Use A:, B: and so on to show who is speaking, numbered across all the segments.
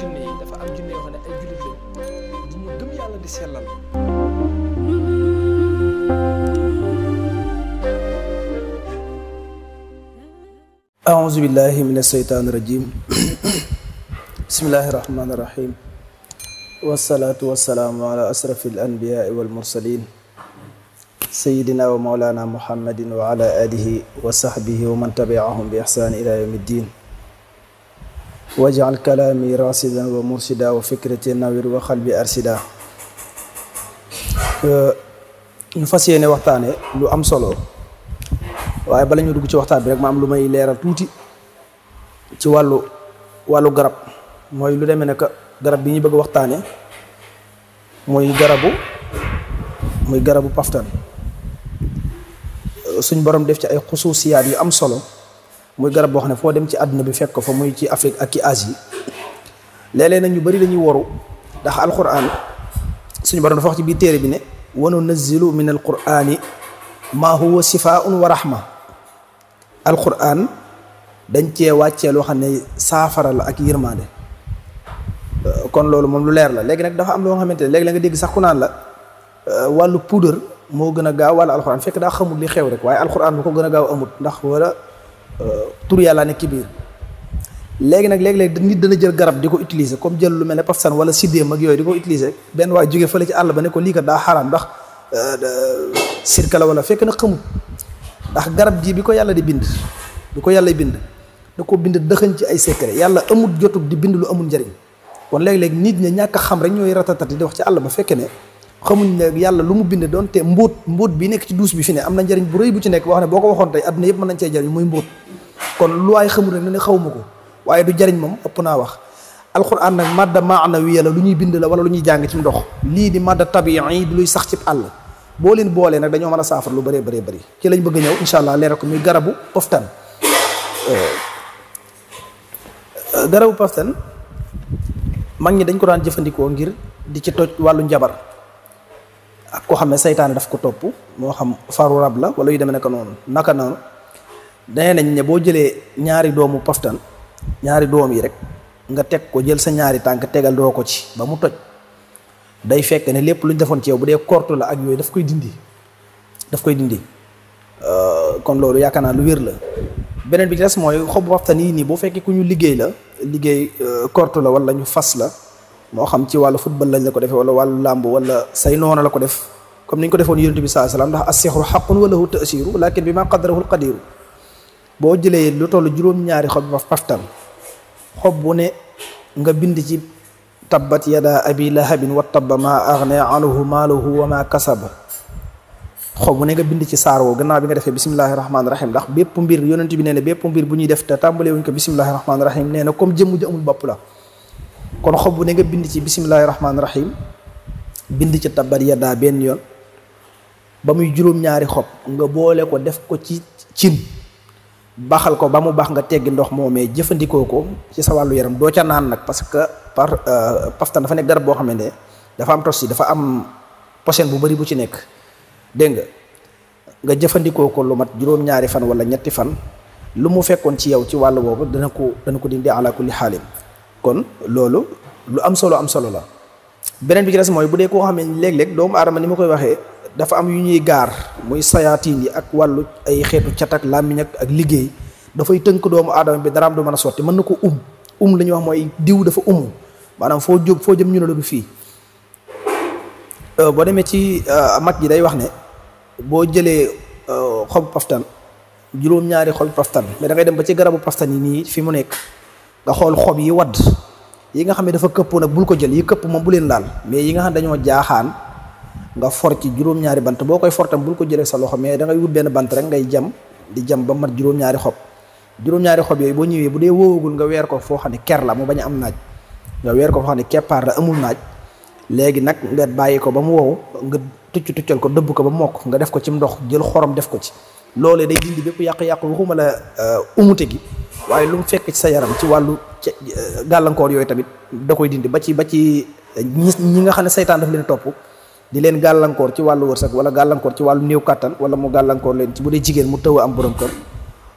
A: junne yi dafa am junne yoo xam ne ay jullit lañ di ñu أعوذ بالله من الشيطان الرجيم بسم الله الرحمن الرحيم والصلاة والسلام على أشرف الأنبياء والمرسلين سيدنا ومولانا محمد وعلى آله وصحبه ومن تبعهم بإحسان إلى يوم الدين واجعل كلامي راسدا ومرشدا وفكرتي نوير وقلبي أرشدا ñu fas yéene waxtaane lu am solo waaye bala ñu dugg ci waxtaan bi rek ma am lu may leeral tuuti ci wàllu wàllu garab mooy lu demee naka garab bi ñu bëgg waxtaane muy garabu muy garabu paftan suñ borom def ci ay xusuusiyaat yu am solo muy garab bo xamne fo dem ci aduna bi fekk fa muy ci Afrique ak ci Asie lele leeg ñu bari dañuy woru ndax alquran suñu borom dafa wax ci bi téré bi ne wa nunazzilu min alquran ma huwa sifaa'un wa rahma alquran dañ ci wacce lo xamne safara la ak yërmaande kon lolu mom lu leer la legi nak dafa am lo xamante legi la nga deg sax ku naan la walu poudre mo gëna gaaw wala alquran fekk da xamul li xew rek waye alquran bu ko gën gaaw amut ndax wala tur yàlla nekk ci biir léegi nag léeg-léeg nit dana jël garab di ko utiliser comme jël lu mel ne pafsan wala sidéem ak yooyu di ko utiliser benn waay jóge fële ci àll ba ne ko lii kat daa xaraam ndax euh, sirka la wala fekk na xamut ndax garab ji bi ko yàlla di bind bi ko yàlla bind da ko bind dëxëñ ci ay secret yàlla amut jotug di bind lu amul njariñ kon léeg-léeg nit ña ñàkk xam rek ñooy ratatati di wax ci àll ba fekke ne xamuñ ne yàlla lu mu bind doon te mbóot mbóot bi nekk ci duus bi fi ne am na njëriñ bu rëy bu ci nekk boo xam ne boo ko waxoon tey adduna yëpp mën nañ cee jëriñ muy mbóot kon lu waay xamul rek ne ne xawma ko waaye du jëriñ moom ëpp naa wax alquran nag madda maanawiya la lu ñuy bind la wala lu ñuy jàng ci ndox lii di madda tabii di luy sax ci àll boo leen boolee nag dañoo mën a saafara lu bëree bëree bëri ci lañ bëgg a ñëw incha allah leeral ko muy garabu poftan euh, garabu poftan mag ñi dañ ko daan jëfandikoo ngir di ci toj wàllu njabar ak koo xam ne seytaane daf ko topp moo xam faru rab la wala yu deme ne noonu naka noonu dane nañ ne boo jëlee ñaari doomu poftan ñaari doom yi rek nga teg ko jël sa ñaari tànk tegal doo ko ci ba mu toj day fekk ne lépp lu ñu defoon ci yow bu dee kortu la ak yooyu daf koy dindi daf koy dindi euh, kon loolu yaakaar naa lu wér la beneen bi ci des mooy xobu poftan yi nii boo fekkee ku ñu liggéey la liggéey euh, kortu la walla ñu fas la mo xam ci wàllu football lañ la ko defee wala wàllu làmb wala say noona la ko def comme niñ ko defone yonente bi sallallahu alayhi wasallam ndax assixru xaqun wa lahu taasiru lakin bi ma qadarahu lqadiru boo jëlee lu toll juróom-ñaari xob ba paftal xob bu ne nga bind ci tabbat yada abi lahabin wa tabba ma aghna anhu maaluhu wa ma kasaba xob bu ne nga bind ci saar woo gannaaw bi nga defé bismillahir rahmanir rahim ndax bépp mbir yonente bi nee bépp mbir bu ñuy def ta tambale wuñ ko bismillahir rahmanir rahim neena comme jëm ju amul bop la kon xobbu ne nga bind ci bismillahi rahman rahim bind ci tabar yaddaa ben yon ba muy juróom-ñaari xob nga boole ko def ko ci cin baxal ko ba mu baax nga teggi ndox moomee jëfandikoo ko ci sa wàllu yaram doo ca naan nag parce que par euh, paftan dafa nekk garab boo xam ne dafa am tosi dafa am posen bu bari bu ci nekk dégg nga nga jëfandikoo ko lu mat juróom-ñaari fan wala ñetti fan lu mu fekkoon ci yow ci wàll boobu dana ko dana ko dindi ala kulli xaalim kon loolu lu am solo am solo la beneen bi ci des mooy bu dee koo xamee ne léeg doomu adama ni ma koy waxee dafa am yu ñuy gaar muy sayaatiin yi ak wàllu ay xeetu cat ak làmmiñ ak liggéey dafay tënk doomu aadama bi daraam du mën a sotti mën na ko um um li ñuy wax mooy diw dafa umu maanaam foo jób foo jëm ñu ne la du fii euh, boo demee ci euh, mag ji day wax ne boo jëlee euh, xobu paftan juróom-ñaari xobu paftan mais da dem ba ci garabu paftan yi nii fi mu nekk nga xol xom yi wad yi nga xamne dafa kepp nak bul ko jël yi kepp mom bu leen laal mais yi nga xamne dañoo jaaxaan nga for ci juroom ñaari bant bokoy for tam bul ko jël sa loxo mais da ngay wut ben bant rek ngay jam di jam ba mat juroom ñaari xop juroom ñaari xop yoy bo ñewé bu dé woowagul nga wër ko fo xam ker la mu baña am naaj nga wër ko fo xam képar la amul naaj légui nak nga bayiko ba mu wow nga tuccu tuccal ko debbu ko ba mok nga def ko ci ndox jël xorom def ko ci lolé day dindi bepp yak yak waxuma la umute euh, gi waaye lu mu fekk ci sa yaram ci wàllu euh, gàllankoor yooyu tamit da koy dindi ba ci ba ci ñi ñi nga xam ne seytaan daf leen topp di leen gàllankoor ci wàllu wërsëg wala gàllankoor ci wàllu néew kàttan wala mu gàllankoor leen ci bu dee jigéen mu taw am borom kër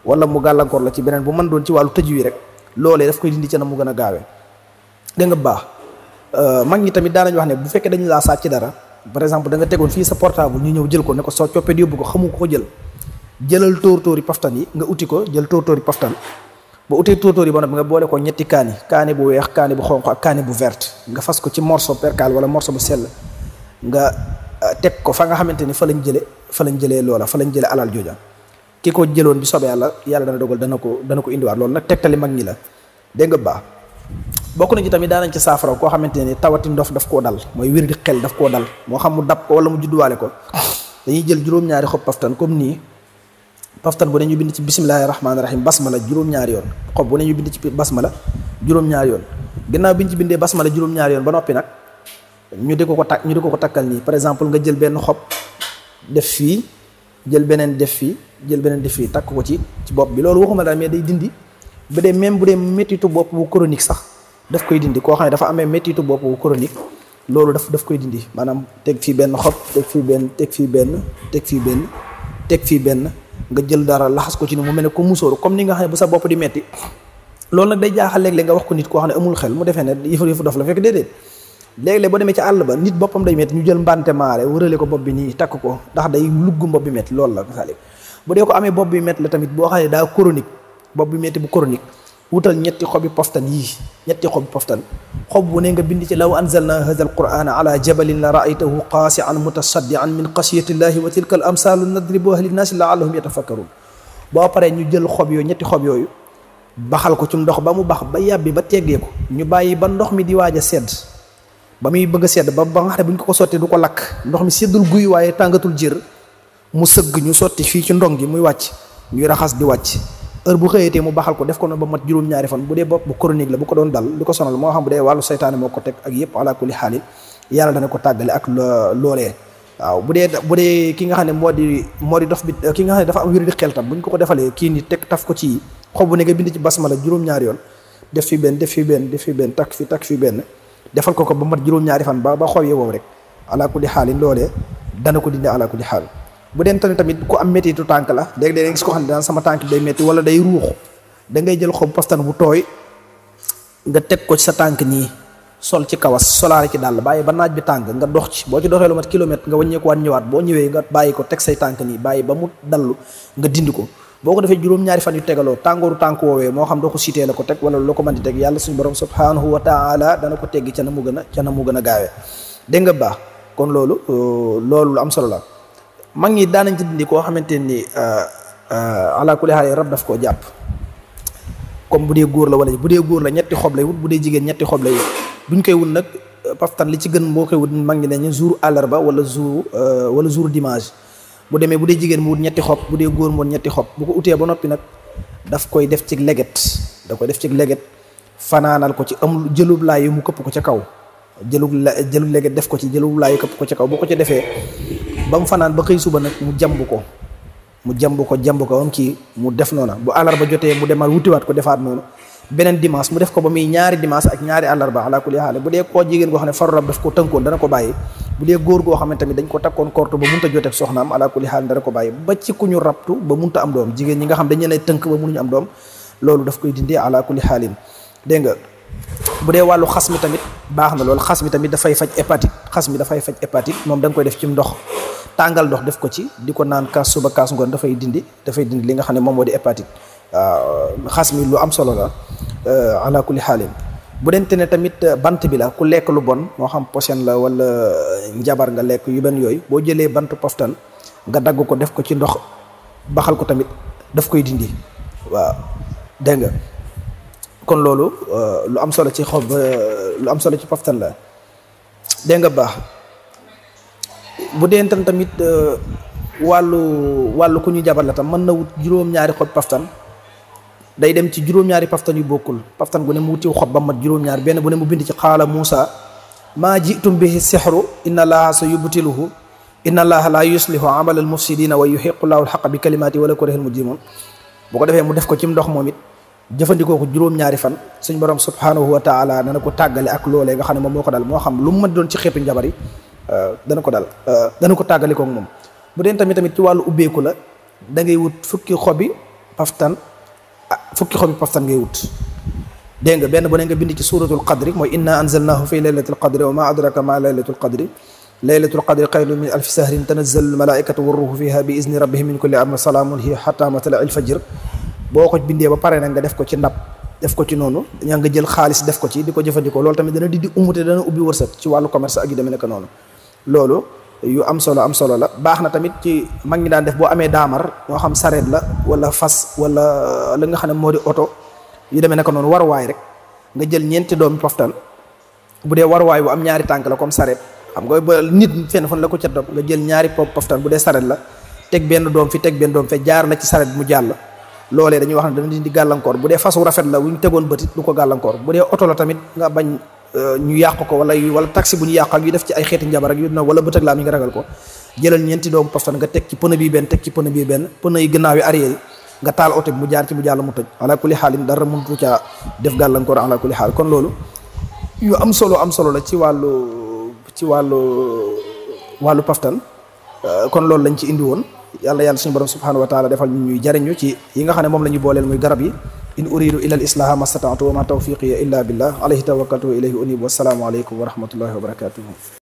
A: mu gàllankoor la ci beneen bu man doon ci wàllu tëju yi rek loolee daf koy dindi ci na mu gën a gaawee da nga baax euh, mag ñi tamit daanañ wax ne bu fekkee dañu laa sàcc ci dara par exemple da tegoon fii sa portable ñu ñëw jël ko ne ko soo coppee yóbbu ko xamu ko jël jëlal tóor tóori paftan yi nga uti ko jël tóor tóori bu uté totor yi bon nga bolé ko ñetti kani kani bu wéx kani bu xonq ak kaani bu verte nga fas ko ci morceau percal wala morceau bu sel nga tek ko fa nga xamanteni fa lañ jëlé fa lañ jëlé loola fa lañ jëlé alal jojja Kiko jëlon bi sobe yalla yalla dana dogal dana ko dana ko war lool nak tektali mag ni la de nga ba bokku nañ ci tamit daanañ ci safara ko xamanteni tawati ndof daf ko dal moy wirdi xel daf ko dal mo xam mu dab ko wala mu walé ko dañuy jël juroom ñaari xop paftan comme ni paftan bu ne ñu bind ci bismillahir rahmanir rahim basmala juróom ñaar yoon xob bu ne ñu bind ci basmala juróom ñaar yoon ginnaaw biñ ci bindé basmala juróom ñaar yoon ba nopi nak ñu diko ko tak ñu diko ko takal ni par exemple nga jël ben xob def fi jël benen def fi jël benen def fi tak ko ci ci bop bi lolu waxuma da me day dindi ba dé même bu dee méttitu bop bu chronique sax daf koy dindi ko xamné ne dafa amee méttitu bop bu chronique lolu daf daf koy dindi maanaam teg fii benn xob tek fi ben tek fi ben tek fi ben, tek fi ben nga jël dara laxas ko ci ni mu mel ne ko musóoru comme ni nga xam ne bu sa bopp di metti loolu nag day jaaxal léeg-léeg nga wax ko nit koo xam ne amul xel mu defee ne yëfu yëfu dof la fekk déedéet léeg-léeg boo demee ci àll ba nit boppam day metti ñu jël mbante maare wërale ko bopp bi nii takk ko ndax day lugg bopp bi metti lool la sali bu dee ko amee bopp bi metti la tamit boo xam ne daa chronique bopp bi metti bu chronique wutal ñetti xobi poftan yii ñetti xobi poftan xob bu ne nga bind ci law anzalna hadha alqur'ana ala jabalin la ra'aytahu qasi'an mutasaddian min qashyati llahi wa tilka al amsalu nadribuha linnaasi la'allahum yatafakkarun boo paree ñu jël xob yooyu ñetti xob yooyu baxal ko ci ndox ba mu bax ba yàbbi ba teggee ko ñu bàyyi ba ndox mi di waaj a sedd ba muy bëgg a sedd ba ba nga xam ne bu ñu ko ko sottee du ko lakk ndox mi seddul guy waaye tàngatul jër mu sëgg ñu sotti fii ci ndong gi muy wàcc ñuy raxas di wàcc heure bu xëyee xëyatee mu baxal ko def ko noonu ba mat juróom-ñaari fan bu dee bopp bu chronique la bu ko doon dal li ko sonal moo xam bu dee wàllu saytaane moo ko teg ak yëpp ala xaalin yàlla dana ko tàggale ak loolee waaw bu dee bu dee ki nga xam ne moo di moo di dof bi ki nga xam ne dafa am wér di xel tam bu ñu ko ko defalee kii ni teg taf ko ci xobu ne nga bind ci basmala juróom-ñaari yoon def fi benn def fi benn def fi benn takk fi takk benn defal ko ko ba mat juróom-ñaari fan ba ba xob yi wow rek ala kulli xaalin loolee dana ko dindi ala kulli xaalin bu den tamit tamit ku am métitu tank la leg leg gis ko xam ne sama tank day metti wala day ruux da ngay jël xom postan bu toy nga tek ko ci sa tank ni sol ci kawas solar ci dal baye ba naaj bi tank nga dox ci bo ci doxé lu mat kilomètre nga wàññeekuwaat ñëwaat bo ñëwé nga bayi ko tek say tank ni baye ba mu dalu nga dindi ko boo ko defee ñaari fan yu tégaloo tangoru tank woowee mo xam do ko cité la ko tek wala lu ko mën di tek yalla suñu borom subhanahu wa taala dana ko teggi ci na mu gëna ci na mu gëna gaawé gaawee dégg nga baax kon lolu euh, lolu am solo la mag ñi daanañ ci dindi koo xamante ni euh, euh, ala kulli haal rab daf koo jàpp comme bu dee góor la wala bu dee góor la ñetti xob lay wut bu dee jigéen ñetti xob lay wut duñ koy wut nag euh, paftan li ci gën moo koy wut mag ñi nañu jour wala jour wala jour dimanche bu demee bu dee jigéen mu wut ñetti xob bu dee góor mu wut ñetti xob bu ko utee ba noppi nag daf koy def cig leget da koy def ci leget fanaanal ko ci amul jëlub laay yi mu këpp ko ca kaw jëlub la jëlub leget def ko ci jëlub laay yu këpp ko ca kaw bu ko ca defee ba mu fanaan ba xëy suba nag mu jamb ko mu jamb ko jamb ko am kii mu def noona bu àllarba jotee mu demal wutiwaat ko defaat noonu beneen dimance mu def ko ba muy ñaari dimanche ak ñaari àllarba ala kulli haal bu dee koo jigéen goo xam ne faru rab daf ko tënkoon dana ko bàyyi bu dee góor goo xam ne dañ ko takkoon kortu ba munta joteeg soxnaam ala kulli haal dana ko bàyyi ba ci ku ñu rabtu ba munta am doom jigéen ñi nga xam dañ leen loolu daf koy dindee ala kulli haalin dégg nga bu dee wàllu xas mi tamit baax na loolu xas mi tamit dafay faj hépatite xas mi dafay faj hépatite moom da nga koy def ci ndox tangal ndox def ko ci diko nan kaas suba kaas da fay dindi fay dindi li nga xamne mom modi hepatite di hépatite euh, xas mi lu am solo la euh, ala kulli xaalin bu den ne tamit euh, bant bi la ku lek lu bon mo xam pochene la wala njabar nga lek yu ben yoy bo jele bant poftal nga dagg ko def ko ci ndox baxal ko tamit daf koy dindi wa denga kon lolu lu am solo ci xob lu am solo ci poftal la denga bah. mu dee tam tamit euh, wàllu wàllu ku ñu jabar la tam man na wut juróom-ñaari xob paftan day dem ci juróom-ñaari paftan yu bokkul paftan gu ne mu wuti xob ba mat juróom-ñaar benn bu ne mu bind ci xaala Muusa maa jitum bihi sixru inna allaha sa yubtiluhu inna allaha laa yuslihu amala al mufsidina wa yuhiqu llahu alxaqa bi kalimaati wala koriha al mujrimun bu ko defee mu def ko ci ndox moom it jëfandikoo ko juróom-ñaari fan suñ borom subhanahu wa taala dana ko tàggale ak loolee nga xam ne moom moo ko dal moo xam lu mu mën doon ci xeetu njabar yi dana ko dal dana ko tàggalikoo ak moom bu dee tamit tamit ci wàllu ubbeeku la da ngay wut fukki xobi paftan fukki xobi paftan ngay wut dégg nga benn bu ne nga bind ci suuratul qadri mooy inna anzalnahu fi laylatil qadri wa ma adraka ma laylatul qadri laylatul qadri xayrun min alfi sahrin tanazzalu almalaikatu warruhu fiha bi izni rabbihim min kulli amrin salaamun hiya hatta matla'il fajr boo ko bindee ba pare nag nga def ko ci ndab def ko ci noonu ñaa nga jël xaalis def ko ci di ko jëfandikoo loolu tamit dana di di umute dana ubbi wërsëg ci wàllu commerce ak yu demee nekk noonu loolu yu am solo am solo la baax na tamit ci mag ñi daan def boo amee daamar moo xam sareet la wala fas wala li nga xam ne moo di oto yu demee naka noonu warwaay rek nga jël ñeenti doomi poftal bu dee waruwaay bu am ñaari tànk la comme sareet xam nga ba nit fenn fan la ko cat doom nga jël ñaari poftal bu dee sareet la teg benn doom fi teg benn doom fe jaar la ci sareet mu jàll loolee dañuy wax ne dana di gàllankoor bu dee fas wu rafet la wu ñu tegoon bëtit ko gàllankoor bu dee oto tamit nga bañ Euh, ñu yàq ko wala wala taxi bu ñu yàq ak yu def ci ay xeeti njabar ak yu na wala bëtëg laa mi nga ragal ko jëlal ñeenti doomu poftan nga teg ci pneu bi benn teg ci pneu bi benn pneu yi gannaaw yi arrière nga taal oto bi mu jaar ci mu jàll mu tëj ala kulli xaalin dara mënatu caa def gàllankoor xaal kon loolu yu am solo am solo la ci wàllu ci wàllu wàllu paftan euh, kon loolu lañ ci indi woon yàlla yàlla suñu borom subhanahu wa taala defal ñu ñuy jariñu ci yi nga xam ne moom la ñu booleel muy garab yi إن أريد إلا الإصلاح ما استطعت وما توفيقي إلا بالله عليه توكلت وإليه أنيب والسلام عليكم ورحمة الله وبركاته